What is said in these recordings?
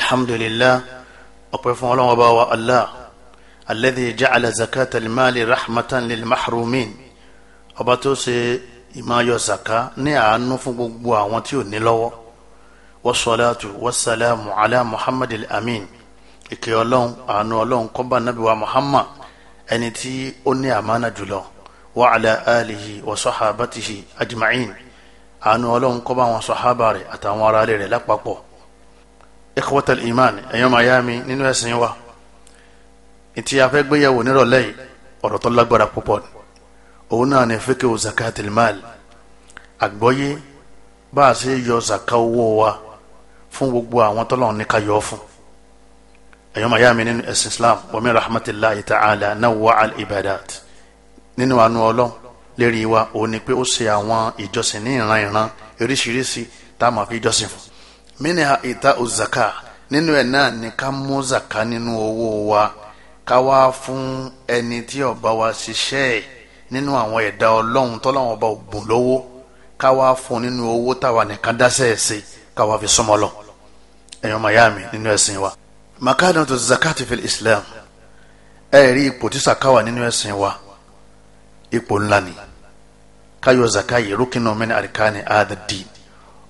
alhamdulillah ọpẹ́ fún Ọlọ́run Ọba wa allah alladhi ja'ala zakata al-mali rahmatan lil mahrumin ọba tó ṣe ìmáyọ zaka ní àánú fún gbogbo àwọn tí ò ní lọ́wọ́ wasalaatu wasalaamu ala muhammad al-amin ìkẹ́ Ọlọ́run àánú Ọlọ́run kọba nabi wa muhammad ẹni tí ó ní àmánà jùlọ wa ala alihi wa sahabatihi ajma'in àánú Ọlọ́run kọba àwọn sahaba àtàwọn aráalé rẹ̀ lápapọ̀ ikhwata al-iman ẹ̀yàn miami nínú ẹ̀sìn wa ìtì afẹ́ gbéyàwó nírọ̀lẹ́ yìí ọ̀rọ̀ tó lágbára púpọ̀ ni òun náà ní fíkẹ́ zakatil mal àgbọ́yé bá a ṣe yọ zaka owó wa fún gbogbo àwọn tọ́lọ́run ní ká yọ fún ẹ̀yàn miami nínú ẹ̀sìn islam wa min rahmatillahi ta'ala nawwa al-ibadat nínú àánú ọlọ́run lérí wa òun ni pé ó ṣe àwọn ìjọsìn ní ìran ìran oríṣiríṣi tá a fi jọ́sìn fún mini ha ita ozaka nínú ẹ̀ náà ni ká mú zaka nínú owó wa ká wá fún ẹni tí ó wa ṣiṣẹ́ ẹ̀ nínú àwọn ẹ̀dá ọlọ́run tọ́lọ́run ọba ògùn lówó ká wá fún nínú owó táwa nìkan dáṣẹ́ ẹ̀ sí ká wá fi súnmọ́ lọ ẹ̀yàn mayami nínú ẹ̀sìn wa. makadam tó zakati fil islam ẹ rí ipò tí sakawa nínú ẹ̀sìn wa ipò ńlá ni ká yọ zaka yìí rúkìnnà mẹ́ni àríkà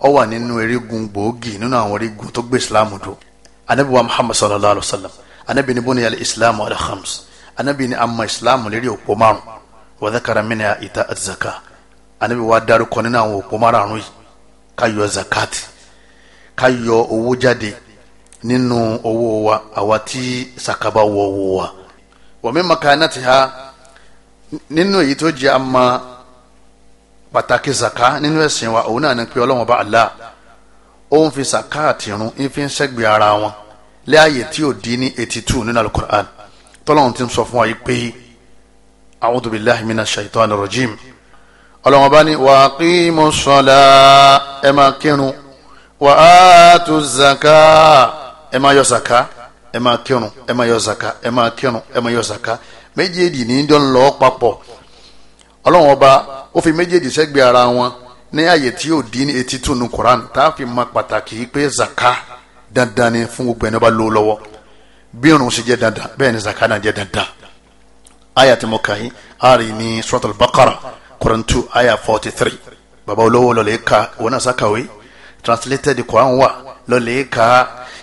ó wà nínú erigun gbòógì nínú àwọn erigun tó gbé islam dúró anabi wa muhammad sallallahu alaihi wa sallam anabi ni bóni islam ala khams anabi ni ama islam lérí òpó márùn wa dhakara minha ita az-zakah anabi wa dárúkọ nínú àwọn òpó márùn yìí ká yọ zakati ká yọ owó jáde nínú owó wa àwa tí sakaba wọ owó wa wa min makanatiha nínú èyí tó jẹ́ ama pàtàkì zaka nínú ẹ̀sìn wa òun náà ni pé ọlọ́wọ́n bá Allah ó ń fi zaka àtìrún ń fi ń sẹ́gbẹ̀ẹ́ ara wọn láàyè tí ò dín ní eighty two nínú alukur'an tọ́lọ́run ti ń sọ fún wa yìí pé a'udhu billahi minash shaitanir rajim ọlọ́wọ́n bá ní wa aqimus salat ẹ máa kírun wa atuz zaka ẹ máa yọ zaka ẹ máa kírun ẹ máa yọ zaka ẹ máa kírun ẹ máa yọ zaka méjèèjì ní dọ́n lọ́ọ́ papọ̀ ọlọ́run ọba ó fi méjèèjì sẹ́gbẹ̀ẹ́ ara wọn ní àyè tí yóò dín ní etí tùnú koran tá a fi mọ pàtàkì pé zaka dandan ni fún gbogbo ẹni ọba lówó lọ́wọ́ bí irun sì jẹ́ dandan bẹ́ẹ̀ ni zaka náà jẹ́ dandan aya tí mo kà yín a rí ní suratul bakara koran two aya forty three baba olówó lọ́lẹ̀ ka òun náà sàkàwé translated koran wà lọ́lẹ̀ ka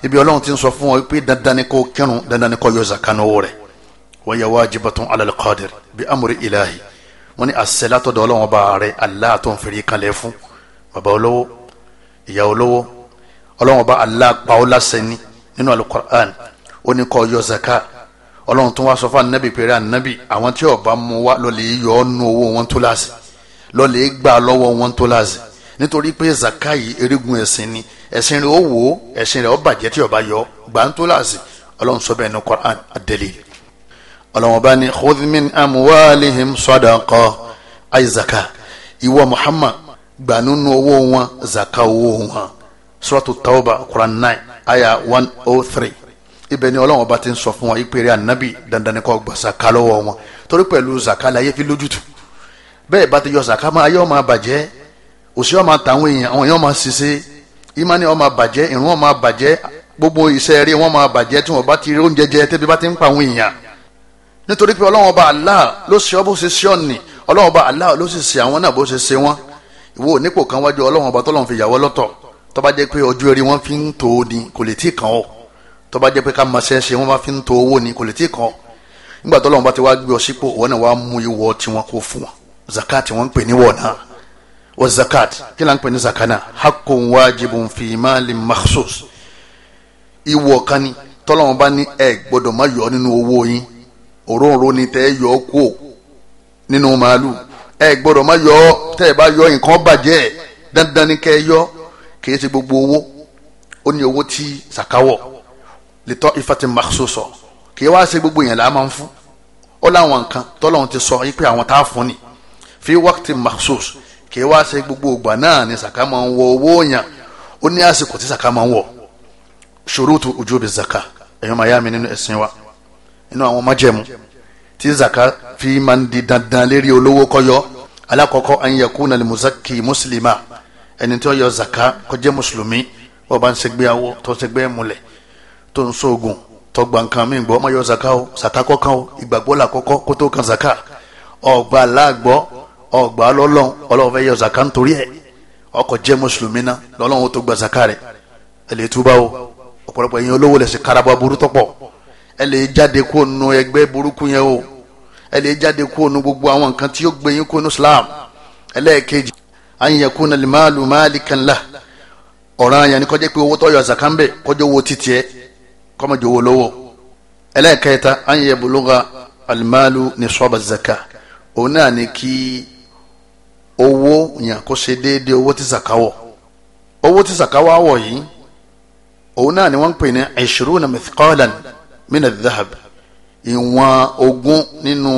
ibi ọlọ́run ti ń sọ fún ọ pé dandan ni kò kírun dandan ni kò yọ zaka náà wọ̀ rẹ̀ wọ́n yẹ wájibatun alal qadir bí ilahi wọ́n ní àṣẹlátọ̀dọ̀ ọlọ́wọ́n bá rẹ Allah tó ń fèrè kalẹ̀ fún bàbá olówó ìyá olówó ọlọ́wọ́n bá Allah pa ó láṣẹ ní nínú alukur'an ó ní kó yọ zaka ọlọ́run tó wá sọ fún anabi pé anabi àwọn tí ọba mú wá lọ́lẹ̀ yọ ọ́nù owó wọn tó láṣẹ lọ́lẹ̀ gbà lọ́wọ́ wọn tó láṣẹ nítorí pé zaka yìí erigun ẹ̀sìn ni ẹ̀sìn rẹ̀ ó wò ó ẹ̀sìn rẹ̀ ó bàjẹ́ tí ọba yọ gbà ń tó láṣẹ ọlọ́run sọ bẹ́ẹ̀ ní Qur'an adẹ́lẹ̀ ọlọ́wọ́n bá ní khudh min amuwalihim sadaqa ay zaka ìwọ muhammad gbà nínú owó wọn zaka owó wọn suratu tawba quran nine aya one oh three ibẹ̀ ni ọlọ́wọ́n bá ti ń sọ fún wọn ìpèrè ànábì dandan ni kó gba zaka lọ́wọ́ wọn torí pẹ̀lú zaka la yẹ fi lójútu bẹ́ẹ̀ bá ti yọ zaka máa ayé ọmọ abàjẹ́ òsì ọmọ àtàwọn èèyàn àwọn èèyàn máa ṣiṣẹ́ ìmánì ọmọ abàjẹ́ ìrún ọmọ abàjẹ́ gbogbo iṣẹ́ eré wọn máa bàjẹ́ tí wọn bá ti rí oúnjẹ jẹ tẹ́bí bá ti ń pa àwọn èèyàn nítorí pé ọlọ́wọ́n bá Allah ló ṣe ọ́ bó ṣe ṣe ọ́ nì ọlọ́wọ́n bá Allah ló sì ṣe àwọn náà bó ṣe ṣe wọ́n ìwọ nípò kan wájú ọlọ́wọ́n bá tọ́lọ́wọ́n fi yàwọ́ lọ́tọ̀ tó bá jẹ́ pé ọjọ́ eré wọn fi ń to ni kò lè tí kàn ọ́ tó bá jẹ́ pé ká máa ṣe é ṣe wọ́n bá fi ń to owó ni kò lè tí kàn ọ́ nígbà tọ́lọ́wọ́n bá ti wá gbé ọ sípò wọn náà wá mú ìwọ tiwọn kó fún wọn zakat wọn ni tọ́lọ́wọ́n bá ní ẹ gbọ́dọ̀ má òróǹro ni tẹ́ yọ ọ́ kú nínú màálù ẹ gbọ́dọ̀ má yọ tẹ́ ẹ bá yọ nǹkan bàjẹ́ dandan ni kẹ́ ẹ yọ kì í ṣe gbogbo owó ó ní owó tí sàkáwọ̀ lẹ́tọ́ ìfàtí màṣọ sọ kì í wá ṣe gbogbo yẹn là á máa ń fún ó láwọn nǹkan tọ́lọ́run ti sọ yí pé àwọn tá a fún ni fi wákìtì màṣọ kì í wá ṣe gbogbo ìgbà náà ni sàká máa ń wọ owó yàn ó ní àsìkò tí sàká máa ń wọ ṣòro tó ojú òbí zaka ẹ̀yọ́ màá yá mi nínú ẹ̀sìn wa nínú àwọn májẹ̀mú tí zaka fi máa ń di dandan lérí olówó kọyọ alákọ̀ọ́kọ́ an yakuna limuzaki muslima ẹni tí ó yọ zaka kó jẹ́ mùsùlùmí wọ́n bá ń ṣe gbéyàwó tó ṣe gbé múlẹ̀ tó ń sóògùn tó gba nǹkan mi gbọ́ ọmọ yọ zaka o zaka kọ́kan o ìgbàgbọ́ là kọ́kọ́ kó tó kan zaka ọgbà láàgbọ́ ọgbà lọ́lọ́n ọlọ́run fẹ́ yọ zaka nítorí ẹ̀ ọkọ̀ jẹ́ mùsùlùmí náà lọ́lọ́run tó gba zaka rẹ̀ ẹ̀ lè túbà olówó lẹ̀ karaba burú tọ́pọ̀ ẹ lè jáde kó nu ẹgbẹ́ burúkú yẹn o ẹ lè jáde kó nu gbogbo àwọn nǹkan tí yóò gbé yín kó nu Islam ẹlẹ́ẹ̀kejì ayẹ̀kú nàlẹ́ máàlù máàlì kanla ọ̀ràn àyàn ni kọjá pé owó tọ́yọ̀ àzàkánbẹ̀ kọjá owó títì ẹ kọ́mọ̀jọ owó lọ́wọ́ ẹlẹ́ẹ̀kẹta ayẹ̀yẹ̀ bùlọ́gà alimáàlù ní sọ́ọ̀bà zaka òun náà ni kí owó yàn kó ṣe déédéé owó tí zakawọ̀ owó tí zakawọ̀ wọ̀ yìí òun náà ni wọ́n pè ní mina dhahab ìwọ̀n ogún nínú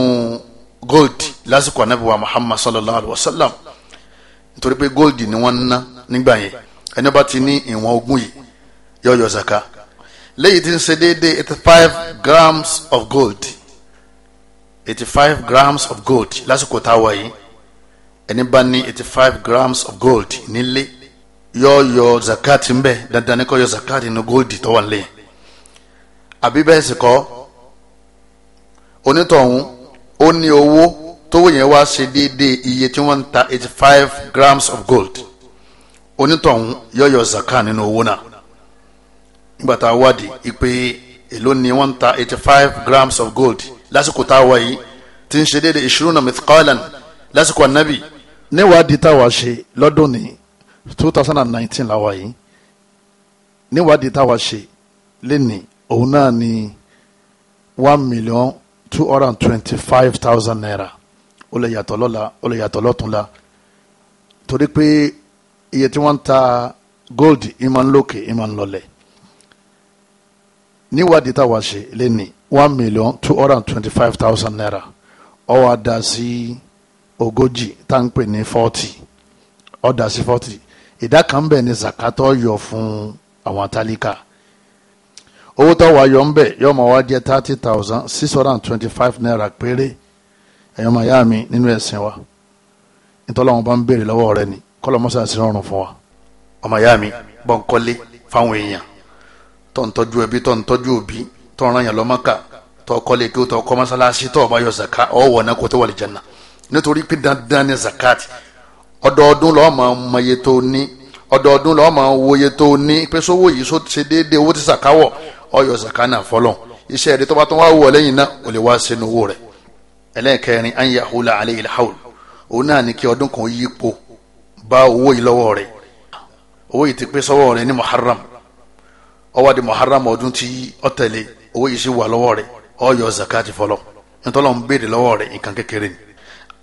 gold lásìkò anabi muhammad sallallahu alaihi wa sallam nítorí pé gold ni wọ́n ná nígbà yẹn ẹni bá ti ní ìwọ̀n ogún yìí yọ yọ zaka tí ń ṣe déédéé eighty five grams of gold eighty five grams of gold lásìkò táwa yìí ẹni bá ní eighty five grams of gold nílé yọ yọ zakati ń bẹ dandan ni kò yọ zakati ní gold tó wà nílé àbí bẹ́ẹ̀ sì kọ́ onítọ̀hún ó ní owó tówó yẹn wá ṣe déédéé iye tí wọ́n ń ta eighty five grams of gold onítọ̀hún yọ̀yọ̀ zaka nínú owó náà nígbà tá a wádìí ipe èló ni wọ́n ń ta eighty five grams of gold lásìkò tá a wá yìí tí ń ṣe déédéé ìṣúná mithqalan lásìkò ànábì níwádìí táwa ṣe lọ́dún ní two thousand and nineteen làwa yìí níwádìí táwa ṣe lẹ́nìí òun náà ni one million two hundred and twenty five thousand naira ó lè yàtọ̀ lọ́la ó lè yàtọ̀ lọ́túnla torí pé iye tí wọ́n ń ta gold ìmọ̀ ńlọ́kè ìmọ̀ ńlọ́lẹ̀ níwádìí táwa ṣe lé ní one million two hundred and twenty five thousand naira ọwọ́ dá sí ogójì tá à ń pè ní forty ọ̀dà sí forty ìdá kan bẹ̀ ni zakatọ̀ yọ fún àwọn tálíkà owó tó wà yọ ń yọ ma wá jẹ́ thirty thousand six hundred and twenty five naira péré ẹ̀yọ́ màá yá mi nínú ẹ̀sìn wa nítorí àwọn bá ń béèrè lọ́wọ́ rẹ ni kọ́lọ́ mọ́sá sí ọrùn fún wa ọmọ yá mi bọ́ ń kọ́lé fáwọn èèyàn tó ń tọ́jú ẹbí tó ń tọ́jú òbí tó ń rányàn lọ́mọ́kà tó kọ́lé kí ó tó kọ́ mọ́sálásí tó bá yọ zaka ọ̀wọ̀ náà kó tó wà lè jẹ́nà nítorí pé dandan ni zakat ọdọọdún lọ́ọ́ máa mọye tó ní ọdọọdún lọ́ọ́ máa wòye tó ní pé sówó yìí ṣe déédéé owó tí sàkáwọ̀ ọyọ zakana fọlọ iṣẹ́ rẹ̀ tọba tó wá wọ lẹ́yìn náà ò lè wá sínú owó rẹ̀ ẹlẹ́ẹ̀kẹrin anya hula aleyhi alhaul òun náà ní kí ọdún kan yípo bá owó yìí lọ́wọ́ rẹ̀ owó yìí ti pé sọ́wọ́ rẹ̀ ní muharram ó wá di muharram ọdún tí ó tẹ̀lé owó yìí sì wà lọ́wọ́ rẹ̀ ọyọ zakati fọlọ nítorí ń béèrè lọ́wọ́ rẹ̀ nǹkan kékeré ni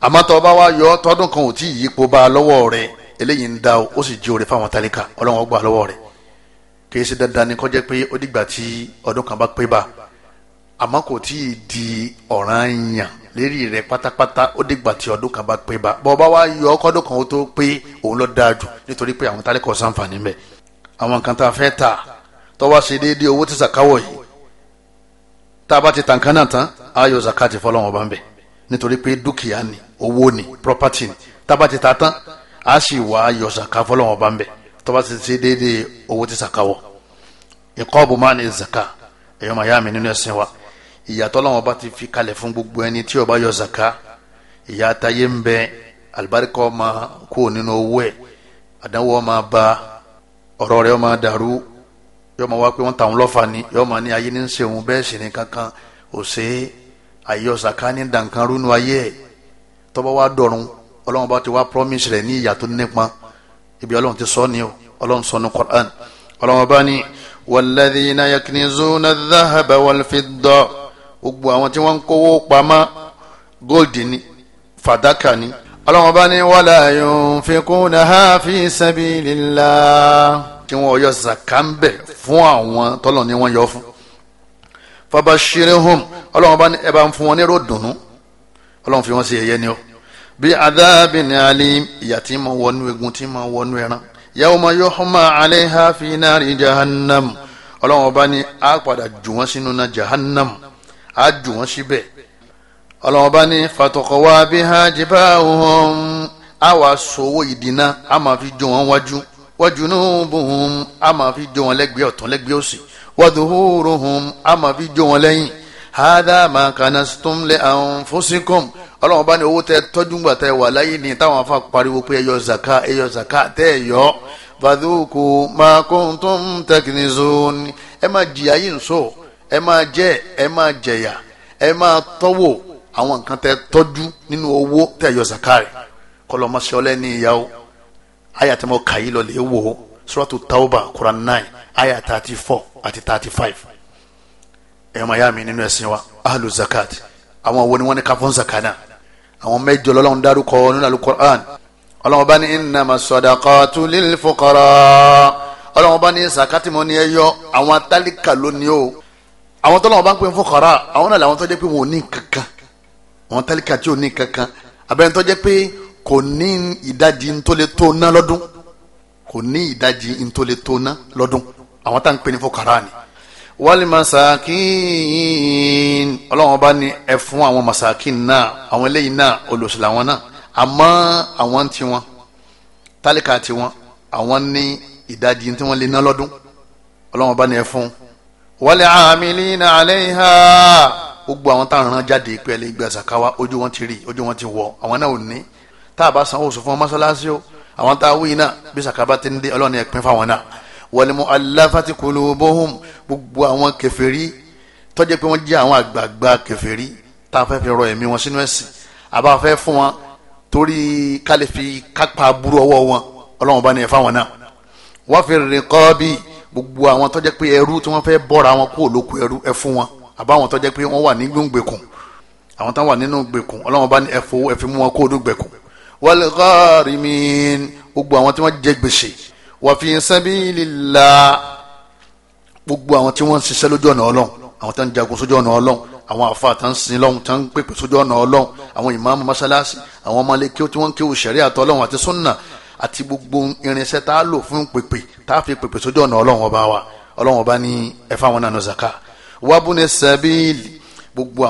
àmọ́ tó bá wá yọ tọdún kan ò tí yípo bá lọ́wọ́ rẹ̀ eléyìí ń da ó sì jí oore fáwọn tálíkà ọlọ́wọ́n gbà lọ́wọ́ rẹ̀ kì í ṣe dandan ni kó jẹ́ pé ó dìgbà tí ọdún kan bá pé bá àmọ́ kò tí ì di ọ̀ranyàn lérí rẹ̀ pátápátá ó dìgbà tí ọdún kan bá pé bá bọ́ bá wá yọ ọkọ́dún kan ó tó pé òun ló dáa jù nítorí pé àwọn tálẹ́kọ̀ọ́ sàǹfààní mẹ́ àwọn kan tá a fẹ́ tà tọ́wọ́ ṣe déédéé owó tí sàkáwọ̀ yìí tá a bá ti tàǹkan náà tán á yọ zakati fọlọ́wọn bá ń bẹ̀ nítorí pé dúkìá ni owó ni property ni tá a bá ti ta tán á sì wá yọ zakati fọlọ́wọn bá ń bẹ̀ tọ́ba ti ṣe déédéé owó tí sàkáwọ̀ ìkọ́ọ̀bù máa ní zaka èèyàn máa yá mi nínú ẹ̀sìn wa ìyàtọ̀ lọ́wọ́ bá ti fi kalẹ̀ fún gbogbo ẹni tí ó yọ zaka ìyá atayé ń bẹ alibarika ọmọ kú nínú owó ẹ̀ àdánwò ọmọ bá ọ̀rọ̀ rẹ̀ ọmọ dàrú yọ ma wá pé wọ́n ta àwọn lọ́fà ni yọ ma ní ayé ní ń bẹ́ẹ̀ sì ni kankan ò ṣe é ayé ọ̀sà ní dànkan rúnú ayé ẹ̀ tọ́ba wa dọ̀run ọlọ́wọ́n bá ti wá promise rẹ̀ ní ìyàtọ̀ nípa ibi ọlọ́run ti sọ ni o ọlọ́run sọ ní Qur'an ọlọ́run bá ní walladhina yaknizuna dhahaba walfidda gbogbo àwọn tí wọ́n ń kówó pamọ́ gold ni fàdákà ni ọlọ́run bá ní wala yunfikunaha fi sabilillah tí wọ́n yọ zakambe fún àwọn tọ́lọ̀ ni wọ́n yọ fún fabashirihum ọlọ́run bá ní ẹ fún wọn ní ròdùnú ọlọ́run fi wọ́n sí ẹ̀yẹ ni o bí adáàbìn alim ìyà tí ma wọnú egun tí ma wọnú ẹran yawma yuhma alayha fi nari jahannam ọlọ́wọ́n bá ní a padà jù wọ́n sínú na jahannam a jù wọ́n síbẹ̀ ọlọ́wọ́n bá ní fatọkọwa biha jibahum a wà sọ̀wọ́ ìdínà a máa fi jọ wọn wájú wa junubuhum a máa fi jọ wọn lẹ́gbẹ̀ẹ́ ọ̀tún lẹ́gbẹ̀ẹ́ òsì wa dhuhuruhum a máa fi jọ wọn lẹ́yìn hadha kanastum li anfusikum ọlọ́run bá ní owó tẹ tọ́jú ńgbà tẹ wà láyé ni táwọn afa pariwo pé ẹyọ zaka ẹyọ zaka tẹ ẹ yọ fàdúkù ma kuntum taknizun ẹ máa jìyà yìí ń sọ ẹ máa jẹ ẹ máa jẹyà ẹ máa tọ́wò àwọn nǹkan tẹ tọ́jú nínú owó tẹ ẹyọ zaka rẹ kọlọmọsọlẹ ní ìyàwó àyà tí mo kà lọ lè wò ó suratu tauba quran nine àyà thirty four àti thirty five ẹ̀yọ́ màyà mi nínú ẹ̀sìn wa ahlu zakat àwọn wo ni wọ́n ní ká fún zakana àwọn mẹ́jọ lọ́lọ́run dárúkọ nínú alukur'an ọlọ́run bá ní innama sadaqatu lil fuqara ọlọ́run bá ní sàkátì mọ́ ní ẹ àwọn atálíkà lónìí o àwọn tọ́lọ́run bá ń pè fuqara àwọn náà làwọn tó jẹ́ pé wọn ò ní kankan àwọn atálíkà tí ò ní kankan abẹ́rẹ́ tó jẹ́ pé kò ní ìdajì ntólé tó ná lọ́dún kò ní ìdajì ntólé tó ná lọ́dún àwọn tá à ń pè ní fuqara ni wali masakin ọlọ́wọ́n bá ní ẹ fún àwọn masakin náà àwọn eléyìí náà olùsùlà wọn náà àmọ́ àwọn ti wọn tálíkà ti wọn àwọn ní ìdajì tí wọ́n lè ná lọ́dún ọlọ́wọ́n bá ní ẹ fún wali amilina alayha gbogbo àwọn táwọn rán jáde pé ẹ lè gbé àṣàkáwá ojú wọn ti rí ojú wọn ti wọ àwọn náà ò ní tá a bá sanwó sọ fún mọ́sálásí o àwọn tá a náà bí sàkábà ti ń dé ọlọ́run ẹ̀pin fáwọn náà walmu'allafati qulubuhum gbogbo àwọn kèfèrí tó jẹ́ pé wọ́n jẹ́ àwọn àgbààgbà kèfèrí tá a fẹ́ fi rọ ẹ̀mí wọn sínú ẹ̀sìn àbá fẹ́ fún wọn torí kálí fi kápá aburú ọwọ́ wọn ọlọ́run bá ní ẹ̀fá wọn náà wọ́n fi riqabi gbogbo àwọn tó pé ẹrú tí wọ́n fẹ́ bọ́ra wọn kó olóko ẹrú ẹ fún wọn àbá àwọn tó pé wọ́n wà ní gbẹ̀kùn àwọn tó wà nínú gbẹ̀kùn ọlọ́run bá ní ẹ̀fọ́ ẹ̀fí wọn kó olóko gbẹ̀kùn wal gharimin wàfi sabilillah gbogbo àwọn tí wọ́n ń ṣiṣẹ́ lójú ọ̀nà ọlọ́run àwọn tó ń jagun sójú ọ̀nà ọlọ́run àwọn àfa tó ń sin lọ́hùn tó ń pèpè sójú ọ̀nà ọlọ́run àwọn ìmáàmù mọ́sálásí àwọn ọmọlé kí tí wọ́n ń kí òṣèré àtọ́lọ́run àti sunna àti gbogbo irinṣẹ́ tá a lò fún pèpè tá a fi pèpè sójú ọ̀nà ọlọ́run ọba wa ọlọ́run ọba ní ẹ̀fà wọn nànú zaka wabune sẹ́bíìlì gbogbo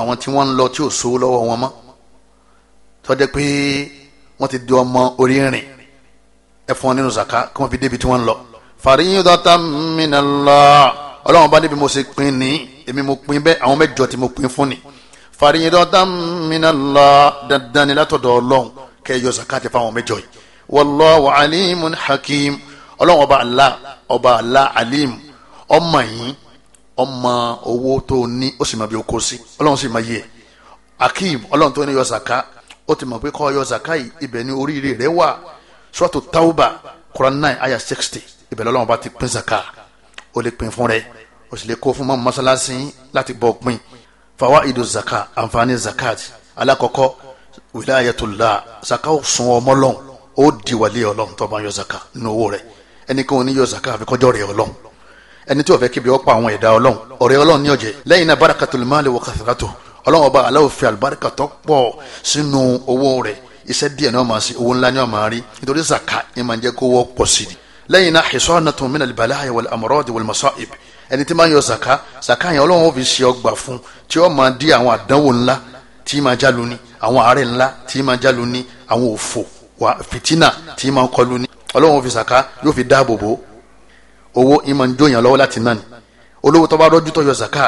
ẹ fún wọn nínú zaka kí wọ́n fi débi tí wọ́n ń lọ. fariyidatan minallah ọlọ́run bá níbi mo ṣe pin ní èmi mo pin bẹ́ẹ̀ àwọn mẹ́jọ tí mo pin fún ni. fariyidatan minallah dandan ni látọ̀dọ̀ ọlọ́run kẹ́ zaka ti fáwọn mẹ́jọ yìí. wallahu alimun hakim ọlọ́run ọba Allah ọba Allah alim ọmọ yìí ọmọ owó tó ní ó sì mọ bí o sí ọlọ́run sì mọ yìí akim ọlọ́run tó ní yọ zaka ó ti mọ̀ pé kọ́ yọ zaka yìí ibẹ̀ ni oríire rẹ wà suratu tawba quran nine aya sixty ìbẹ̀rẹ̀ ọlọ́run bá ti pín zaka o lè pín fún rẹ o sì lè kó fún mọ́mú mọ́sálásí láti bọ́ pín fawaidu zaka àǹfààní zakat alákọ̀ọ́kọ́ wilayatullah zaka ó sun ọmọ lọ́n ó di wàlẹ́ ọlọ́run tó bá yọ zaka nínú owó rẹ ẹni kí wọn ní yọ zaka àfi kọjọ́ rẹ ọlọ́run ẹni tí ó fẹ́ kíbi ọ̀pọ̀ àwọn ẹ̀dá ọlọ́run ọ̀rẹ́ ọlọ́run ní ọ̀jẹ̀ lẹ́yìn náà barakatul mali wa kathratuh ọlọ́run ọba aláwọ̀ fi àlùbáríkà tó pọ̀ sínú owó iṣẹ́ díẹ̀ ni wọ́n máa owó ńlá ni wọ́n máa nítorí zaka ni máa jẹ́ kó wọ́ pọ̀ sí i lẹ́yìn náà hisanatun minal balaya wal amrad wal masa'ib ẹni tí máa ń yọ zaka zaka yẹn ọlọ́run fi ṣe ọgbà fún tí ó máa di àwọn àdánwò ńlá tí máa jálu ni àwọn àárẹ̀ ńlá tí máa jálu ni àwọn òfò wà fìtínà tí máa kọlu ni ọlọ́run fi zaka yóò fi dáàbò bò owó ìmọ̀ ń jóyàn lọ́wọ́ láti náà ni olówó tó bá rọ́jú tó yọ zaka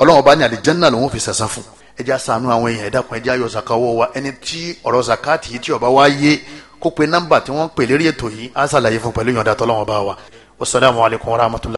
ọlọ́run bá ní àlìjánnà lòun fi sàsán fún un ẹjẹ asanu àwọn èèyàn ẹdá kan ẹjẹ zaka wọ wa ẹni tí ọ̀rọ̀ zaka ti yìí tí ọba wa yé kó pe nọ́mbà tí wọn pè lérí ètò yìí á sàlàyé fún pẹ̀lú ìyọ̀ǹda tọlọmọba wa wasalaamualeykum wa rahmatulah.